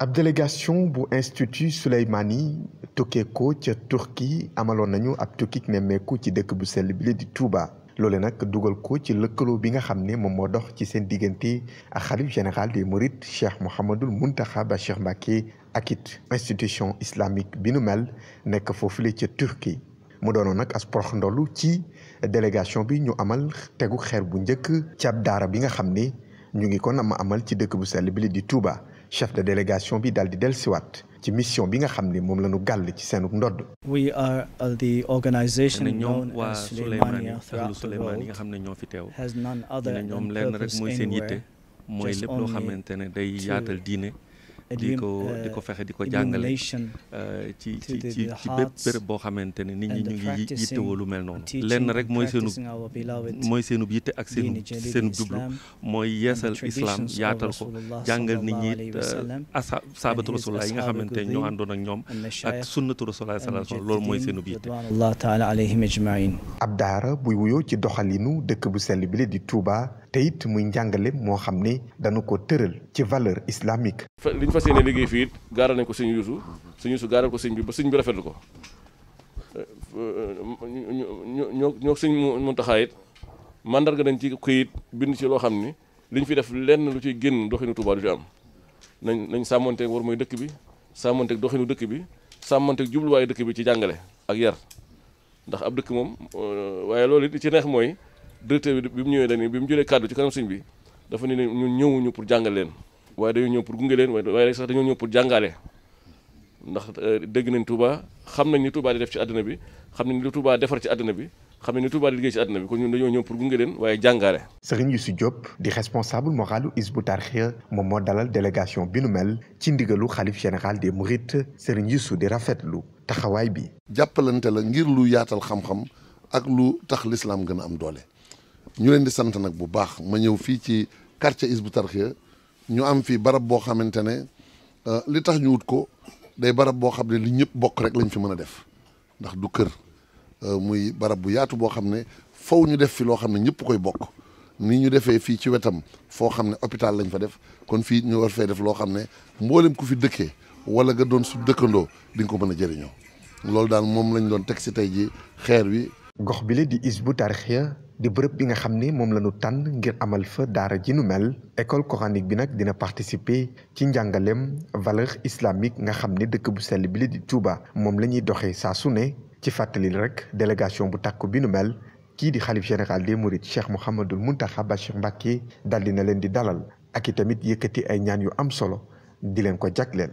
ab délégation bu institut Souleymani tukkee ko ca Turquie amaloon nañu ab tukki nemmeeku ci dëkk bu sell bi di Touba loole nag dugal ko ci lëkkaloo bi nga xam ne moom moo dox ci seen diggante ak xalif général des Mourides Cheikh Mouhamadul Mountakha Bachir Mbacké ak it institution islamique bi nu mel nekk foofule ca Turquie mu doonoon nag as porox ndollu ci délégation bi ñu amal tegu xeer bu njëkk ci ab daara bi nga xam ne ñu ngi ko nama amal ci dëkk bu sell bi di Touba. chef de délégation bi daal di dellusiwaat ci mission bi nga xam ne moom la ñu gàll ci seenub ndodd. we are the organisation known as Souleymania throughout the world has none other than purpose anywhere mooy lépp loo xamante ne day yaatal diine. Euh, di ko di fexe di ko jàngale euh, ci ci ci ci bépp boo xamante ne nit ñi ñu ngi yittewoo lu mel noonu lenn rek mooy seenu mooy seenub yitte ak seenu seenub jublu mooy yeesal islam yaatal ko jàngal nit ñi it euh, asa saabatu rasulullah yi nga xamante ne ñoo àndoon ak ñoom ak sunnatu rasulullah sallallahu alayhi wasallam loolu mooy seenub yitte allah taala alayhim ajmain ab daara buy wuyoo ci doxalinu dëkk bu sell bile di Touba te it muy njàngale moo xam ni dana ko tëral ci valeur islamique. li ñu fas yéene liggéey fii it gaaral nañ ko sëñ Yuusu sëñ Yuusu gaaral ko sëñ bi ba sëñ bi rafetlu ko ñoo ñoo sëñ Muntaxa it mandarga nañ ci këyit bind ci loo xam ni li ñu fi def lenn lu ciy génn doxinu Touba du ci am nañ nañ sàmmanteeg war mooy dëkk bi sàmmanteeg doxinu dëkk bi sàmmanteeg jubluwaayu dëkk bi ci jàngale ak yar. ndax ab dëkk moom euh, waaye loolu li ci neex mooy directeur bi bi mu ñëwee dañuy bi mu jëlee kàddu ci kanam siñ bi dafa ne ñun ñëwuñu pour jàngal leen waaye dañoo ñëw pour gunge leen waaye sax dañoo ñëw pour jàngale ndax euh, dégg nañ Touba xam nañ ni Touba di def ci àddina bi xam nañ li Touba defar ci àddina bi xam ne ni Touba di liggéey ci àdduna bi kon ñun dañoo ñëw pour gunge leen waaye jàngaare. Serigne Youssou Diop di responsable moralu Hizbut Tarqiyyah moom moo dalal délégation bi nu mel ci ndigalu xalif général des Mourides Serigne Youssou di rafet lu taxawaay bi. jàppalante la ngir lu yaatal xam-xam ak lu tax lislaam gën a am doole ñu leen di sant nag bu baax ma ñëw fii ci quartier Hizbut Tarqiyyah ñu am fii barab boo xamante ne euh, li tax ñu wut ko day barab boo xam ne li ñëpp bokk rek lañ fi mën a def ndax du kër. Euh, muy barab bu yaatu boo xam ne fow ñu def fi loo xam ne ñëpp koy bokk ni ñu defee fii ci wetam foo xam ne hôpital lañ fa def kon fii ñu war fee def loo xam ne mboolem ku fi dëkkee wala nga doon su dëkkandoo di ko mën a jëriñoo loolu daal moom lañ doon teg si tey ji xeer wi. gox bi la di Hizbut Tarqiyyah di bërëb bi nga xam ne moom la ñu tànn ngir amal fa daara ji nu mel école coranique bi nag dina participer ci njàngaleem valeur islamique nga xam ne dëkk bu sell bi di Touba moom la ñuy doxee saa su ne. ci fàttali rek délégation bu tàkku bi nu mel kii di xalif général des mourides Cheikh Mouhamadul Mountakha Bachir Mbacké daldi na leen di dalal ak i tamit yëkkati ay ñaan yu am solo di leen ko jagleel.